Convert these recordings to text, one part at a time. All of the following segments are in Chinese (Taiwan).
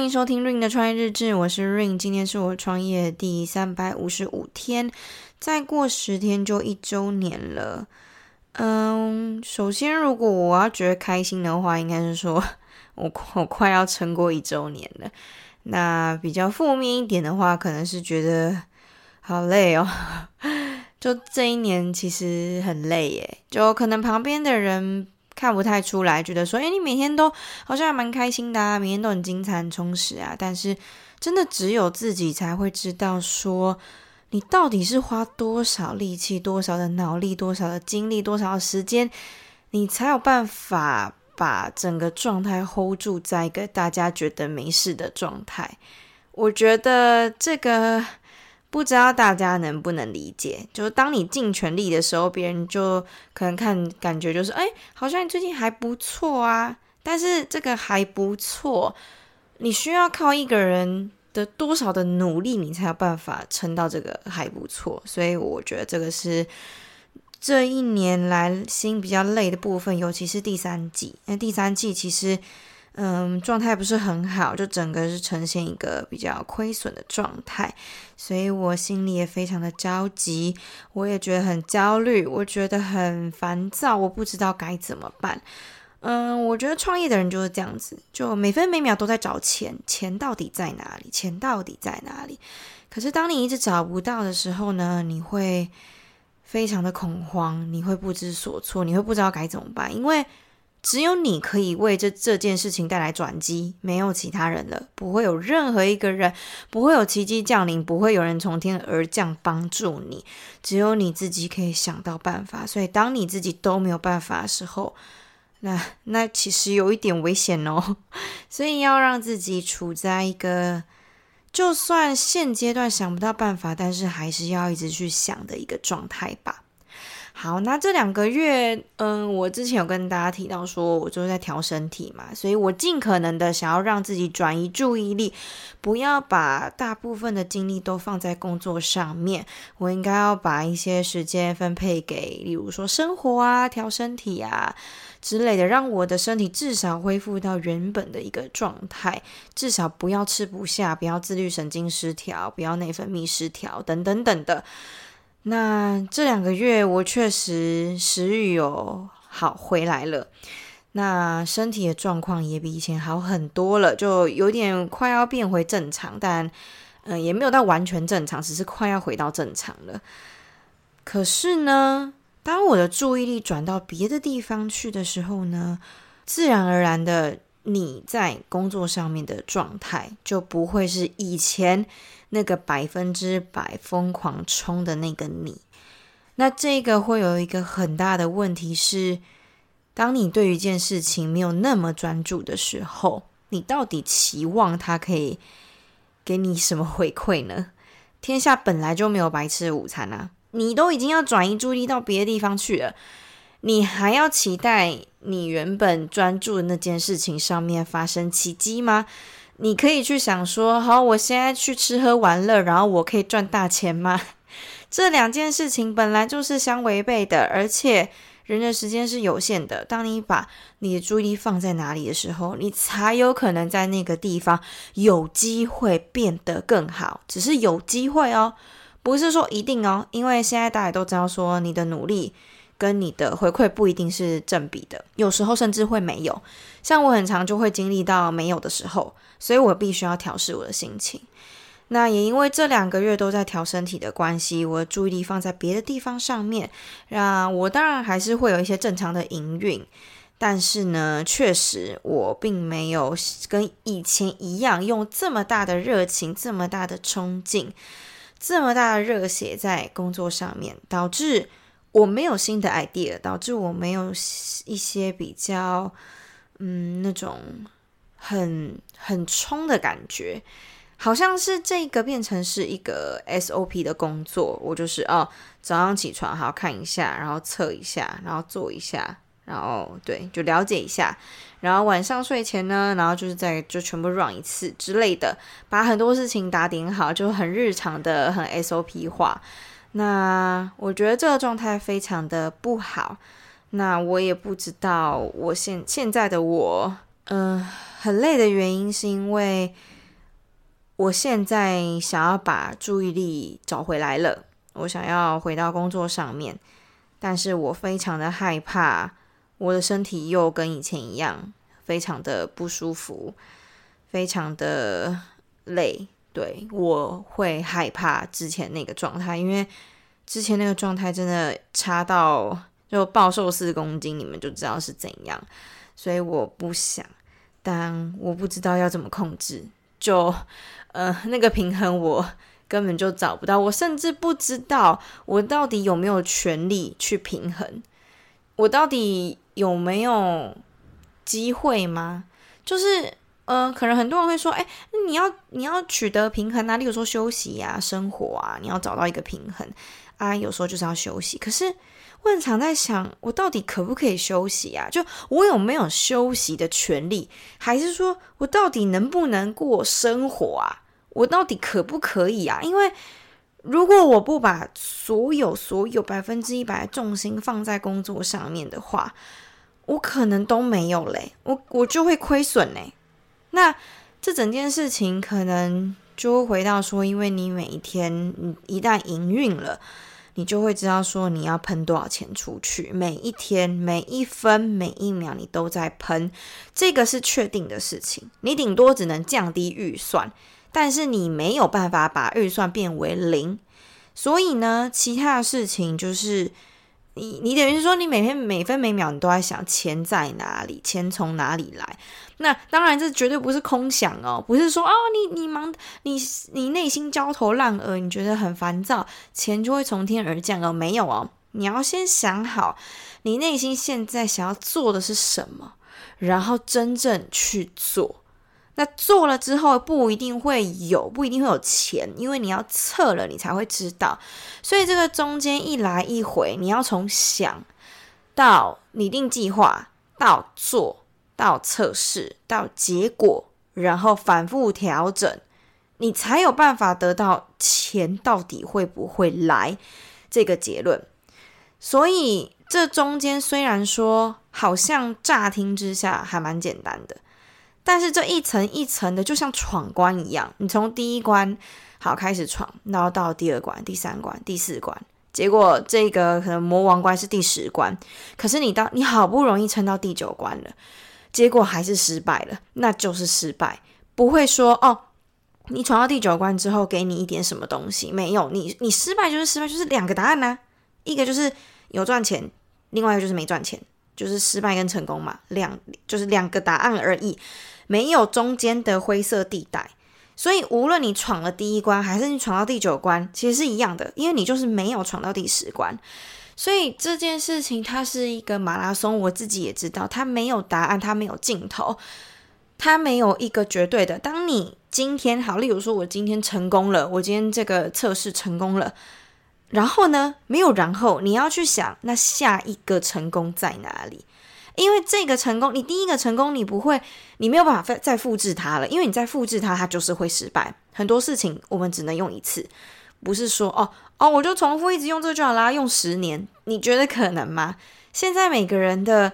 歡迎收聽 Ring 的創業日志，我是 Ring，今天是我創業第三百五十五天，再過十天就一周年了。嗯，首先，如果我要覺得開心的話，應該是說我我快要撐過一周年了。那比較負面一點的話，可能是覺得好累哦。就這一年其實很累耶，就可能旁邊的人。看不太出來，覺得說，哎、欸，你每天都好像還蠻開心的啊，每天都很精彩、很充實啊。但是，真的只有自己才會知道，說你到底是花多少力氣、多少的腦力、多少的精力、多少的時間，你才有辦法把整個狀態 hold 住，在一個大家覺得沒事的狀態。我覺得這個。不知道大家能不能理解，就是當你盡全力的時候，別人就可能看感覺就是，誒、欸，好像你最近還不錯啊。但是這個還不錯，你需要靠一個人的多少的努力，你才有辦法撐到這個還不錯。所以我覺得這個是這一年來心比較累的部分，尤其是第三季，那第三季其實。嗯，狀態不是很好，就整個是呈現一個比較虧損的狀態，所以我心裡也非常的着急，我也覺得很焦慮，我覺得很煩躁，我不知道該怎麼辦。嗯，我覺得創業的人就是這樣子，就每分每秒都在找錢，錢到底在哪裡？錢到底在哪裡？可是當你一直找不到的時候呢，你會非常的恐慌，你會不知所措，你會不知道該怎麼辦，因為……只有你可以為這這件事情帶來轉機，沒有其他人了，不會有任何一個人，不會有奇蹟降臨，不會有人從天而降幫助你，只有你自己可以想到辦法。所以當你自己都沒有辦法的時候，那那其實有一點危險哦。所以要讓自己處在一個，就算現階段想不到辦法，但是還是要一直去想的一個狀態吧。好，那這兩個月，嗯，我之前有跟大家提到說，我就是在調身體嘛，所以我盡可能的想要讓自己轉移注意力，不要把大部分的精力都放在工作上面。我應該要把一些時間分配給，例如說生活啊、調身體啊之類的，讓我的身體至少恢復到原本的一個狀態，至少不要吃不下，不要自律神經失調，不要內分泌失調，等等等等的。那這兩個月，我確實食欲有好回來了，那身體的狀況也比以前好很多了，就有點快要變回正常，但嗯，也沒有到完全正常，只是快要回到正常了。可是呢，當我的注意力轉到別的地方去的時候呢，自然而然的。你在工作上面的狀態就不會是以前那個百分之百瘋狂衝的那個你。那這個會有一個很大的問題是，當你對一件事情沒有那麼專注的時候，你到底期望它可以給你什麼回饋呢？天下本來就沒有白吃的午餐啊！你都已經要轉移注意力到別的地方去了。你還要期待你原本專注的那件事情上面發生奇蹟嗎？你可以去想說，好，我現在去吃喝玩樂，然後我可以賺大錢嗎？這兩件事情本來就是相違背的，而且人的時間是有限的。當你把你的注意力放在哪裡的時候，你才有可能在那個地方有機會變得更好，只是有機會哦，不是說一定哦，因為現在大家都知道說，你的努力，跟你的回饋不一定是正比的，有時候甚至會沒有。像我很常就會經歷到沒有的時候，所以我必須要調試我的心情。那也因為這兩個月都在調身體的關係，我的注意力放在別的地方上面，那我當然還是會有一些正常的營運，但是呢，確實我並沒有跟以前一樣用這麼大的熱情、這麼大的衝勁、這麼大的熱血在工作上面，導致，我沒有新的 idea，導致我沒有一些比較，嗯，那種很很衝的感覺。好像是這個變成是一個 SOP 的工作，我就是哦，早上起床好看一下，然後測一下，然後做一下，然後對，就了解一下。然後晚上睡前呢，然後就是再就全部 run 一次之類的，把很多事情打點好，就很日常的，很 SOP 化。那我覺得這個狀態非常的不好。那我也不知道，我現現在的我，嗯、呃，很累的原因是因為，我現在想要把注意力找回來了，我想要回到工作上面，但是我非常的害怕，我的身體又跟以前一樣，非常的不舒服，非常的累。對，我會害怕之前那個狀態，因為之前那個狀態真的差到就暴瘦四公斤，你們就知道是怎樣。所以我不想，但我不知道要怎麼控制，就呃那個平衡我根本就找不到，我甚至不知道我到底有沒有權利去平衡，我到底有沒有機會嗎？就是。嗯，可能很多人會說，哎、欸，你要你要取得平衡啊，例如說休息啊、生活啊，你要找到一個平衡啊。有時候就是要休息，可是我很常在想，我到底可不可以休息啊？就我有沒有休息的權利？還是說我到底能不能過生活啊？我到底可不可以啊？因為如果我不把所有所有百分之一百的重心放在工作上面的話，我可能都沒有嘞、欸，我我就會虧損嘞。那這整件事情可能就會回到說，因為你每一天一旦營運了，你就會知道說你要噴多少錢出去。每一天、每一分、每一秒你都在噴，這個是確定的事情。你頂多只能降低預算，但是你沒有辦法把預算變為零。所以呢，其他的事情就是。你你等於是說，你每天每分每秒你都在想錢在哪裡，錢從哪裡來？那當然，這絕對不是空想哦，不是說哦，你你忙，你你內心焦頭爛額，你覺得很煩躁，錢就會從天而降哦？沒有哦，你要先想好，你內心現在想要做的是什麼，然後真正去做。那做了之後不一定會有，不一定會有錢，因為你要測了你才會知道。所以這個中間一來一回，你要從想到擬定計劃，到做到測試，到結果，然後反復調整，你才有辦法得到錢到底會不會來這個結論。所以這中間雖然說好像乍聽之下還蠻簡單的。但是這一層一層的，就像闖關一樣，你從第一關好，開始闖，然後到第二關、第三關、第四關，結果這個可能魔王關是第十關，可是你到你好不容易撐到第九關了，結果還是失敗了，那就是失敗，不會說哦，你闖到第九關之後給你一點什麼東西，沒有，你你失敗就是失敗，就是兩個答案吶、啊，一個就是有賺錢，另外一個就是沒賺錢。就是失敗跟成功嘛，兩就是兩個答案而已，沒有中間的灰色地帶。所以無論你闖了第一關，還是你闖到第九關，其實是一樣的，因為你就是沒有闖到第十關。所以這件事情它是一個馬拉松，我自己也知道，它沒有答案，它沒有盡頭，它沒有一個絕對的。當你今天好，例如說我今天成功了，我今天這個測試成功了。然後呢？沒有然後。你要去想，那下一個成功在哪裡？因為這個成功，你第一個成功，你不會，你沒有辦法再再複製它了。因為你再複製它，它就是會失敗。很多事情我們只能用一次，不是說哦哦，我就重複一直用這句話啦，用十年，你覺得可能嗎？現在每個人的，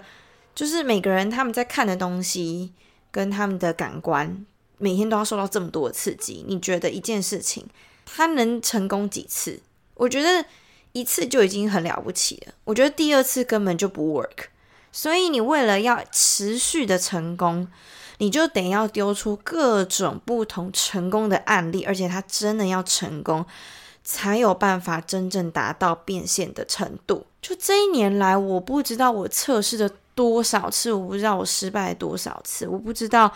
就是每個人他們在看的東西跟他們的感官，每天都要受到這麼多的刺激。你覺得一件事情它能成功幾次？我覺得一次就已經很了不起了。我覺得第二次根本就不 work。所以你為了要持續的成功，你就得要丟出各種不同成功的案例，而且它真的要成功，才有辦法真正達到變現的程度。就這一年來，我不知道我測試了多少次，我不知道我失敗多少次，我不知道，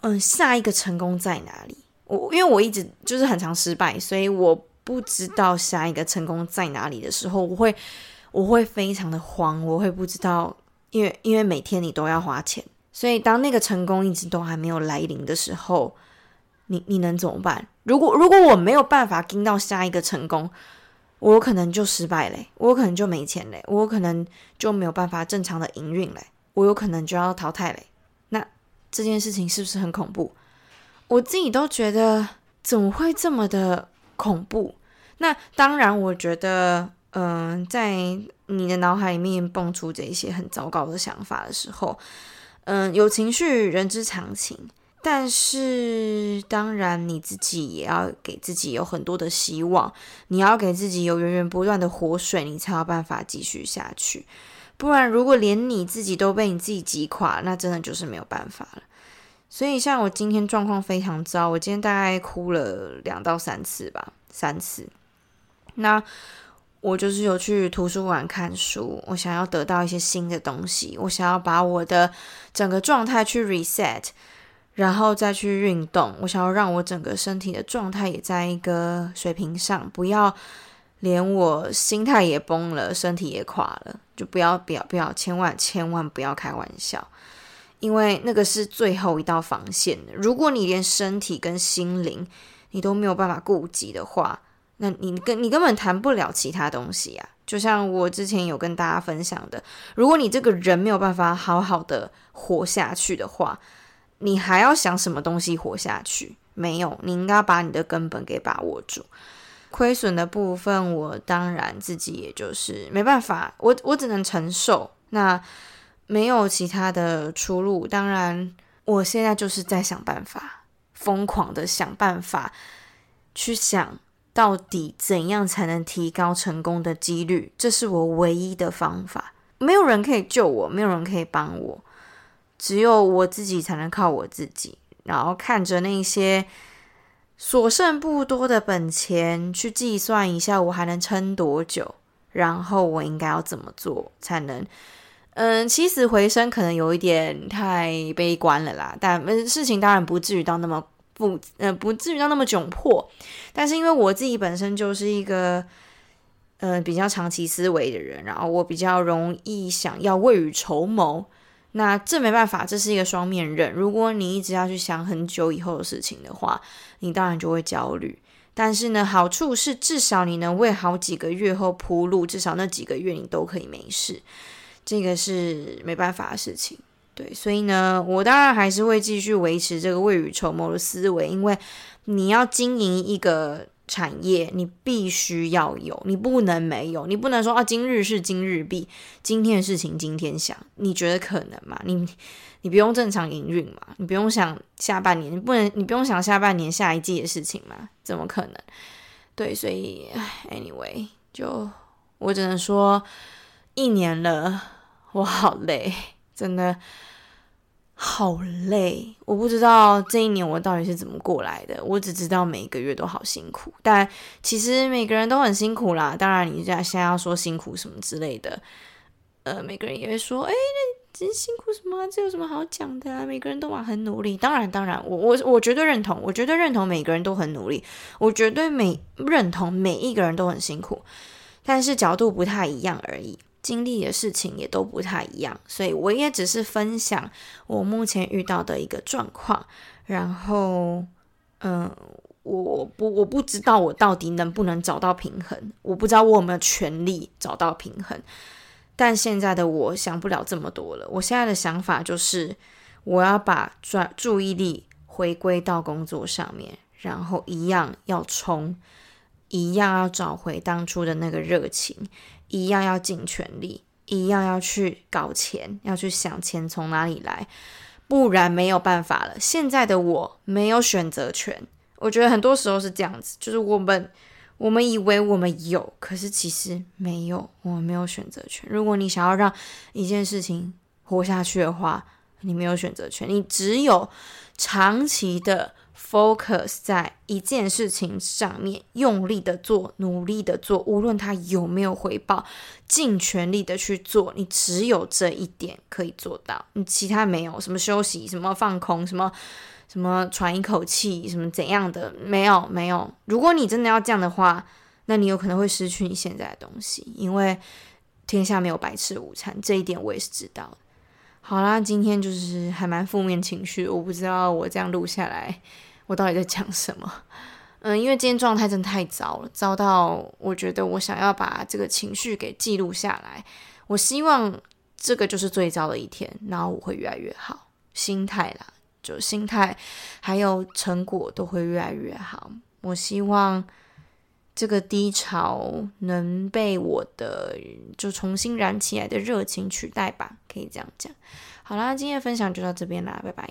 嗯，下一個成功在哪裡？我因為我一直就是很常失敗，所以我。不知道下一個成功在哪裡的時候，我會我會非常的慌，我會不知道，因為因為每天你都要花錢，所以當那個成功一直都還沒有來臨的時候，你你能怎麼辦？如果如果我沒有辦法跟到下一個成功，我有可能就失敗嘞，我有可能就沒錢嘞，我有可能就沒有辦法正常的營運嘞，我有可能就要淘汰嘞。那這件事情是不是很恐怖？我自己都覺得怎麼會這麼的恐怖？那當然，我覺得，嗯、呃，在你的腦海裡面蹦出這些很糟糕的想法的時候，嗯、呃，有情緒，人之常情，但是當然你自己也要給自己有很多的希望，你要給自己有源源不斷的活水，你才有辦法繼續下去。不然，如果連你自己都被你自己擊垮，那真的就是沒有辦法了。所以，像我今天狀況非常糟，我今天大概哭了兩到三次吧，三次。那我就是有去圖書館看書，我想要得到一些新的東西，我想要把我的整個狀態去 reset，然後再去運動，我想要讓我整個身體的狀態也在一個水平上，不要連我心態也崩了，身體也垮了，就不要不要不要，千萬千萬不要開玩笑，因為那個是最後一道防線，如果你連身體跟心靈你都沒有辦法顧及的話。那你跟你根本談不了其他東西呀，就像我之前有跟大家分享的，如果你這個人沒有辦法好好的活下去的話，你還要想什麼東西活下去？沒有，你應該把你的根本給把握住。虧損的部分，我當然自己也就是沒辦法，我我只能承受。那沒有其他的出路，當然我現在就是在想辦法，瘋狂的想辦法去想。到底怎樣才能提高成功的幾率？這是我唯一的方法。沒有人可以救我，沒有人可以幫我，只有我自己才能靠我自己。然後看着那些所剩不多的本錢，去計算一下我還能撐多久，然後我應該要怎麼做才能……嗯，起死回生可能有一點太悲觀了啦，但事情當然不至於到那麼。不，嗯，不至於到那麼窘迫，但是因為我自己本身就是一個，呃，比較長期思維的人，然後我比較容易想要未雨綢繆，那這沒辦法，這是一個雙面刃。如果你一直要去想很久以後的事情的話，你當然就會焦慮。但是呢，好處是至少你能為好幾個月後鋪路，至少那幾個月你都可以沒事，這個是沒辦法的事情。對，所以呢，我當然還是會繼續維持這個未雨綢繆的思維，因為你要經營一個產業，你必須要有，你不能沒有，你不能說啊，今日事今日畢，今天的事情今天想，你覺得可能嗎？你你不用正常營運嘛？你不用想下半年，你不能你不用想下半年下一季的事情嘛，怎麼可能？對，所以 anyway，就我只能說，一年了，我好累。真的好累，我不知道這一年我到底是怎麼過來的。我只知道每個月都好辛苦，但其實每個人都很辛苦啦。當然，你這樣現在要說辛苦什麼之類的，呃，每個人也會說：“哎、欸，那真辛苦什麼？這有什麼好講的啊？”每個人都很努力。當然，當然，我我我絕對認同，我絕對認同每個人都很努力，我絕對每認同每一個人都很辛苦，但是角度不太一樣而已。經歷的事情也都不太一樣，所以我也只是分享我目前遇到的一個狀況。然後，嗯、呃，我不，我不知道我到底能不能找到平衡，我不知道我有沒有權利找到平衡。但現在的我想不了這麼多了，我現在的想法就是，我要把轉，注意力回歸到工作上面，然後一樣要衝。一樣要找回當初的那個熱情，一樣要盡全力，一樣要去搞錢，要去想錢從哪裡來，不然沒有辦法了。現在的我沒有選擇權，我覺得很多時候是這樣子，就是我們我們以為我們有，可是其實沒有，我們沒有選擇權。如果你想要讓一件事情活下去的話，你沒有選擇權，你只有長期的。Focus 在一件事情上面，用力的做，努力的做，無論他有沒有回報，盡全力的去做。你只有這一點可以做到，你其他沒有什麼休息，什麼放空，什麼什麼喘一口氣，什麼怎樣的沒有沒有。如果你真的要這樣的話，那你有可能會失去你現在的東西，因為天下沒有白吃午餐，這一點我也是知道的。好啦，今天就是還蠻負面情緒，我不知道我這樣錄下來。我到底在講什麼？嗯，因為今天狀態真的太糟了，糟到我覺得我想要把這個情緒給記錄下來。我希望這個就是最糟的一天，然後我會越來越好，心態啦，就心態，還有成果都會越來越好。我希望這個低潮能被我的就重新燃起來的熱情取代吧，可以這樣講。好啦，今天的分享就到這邊啦，拜拜。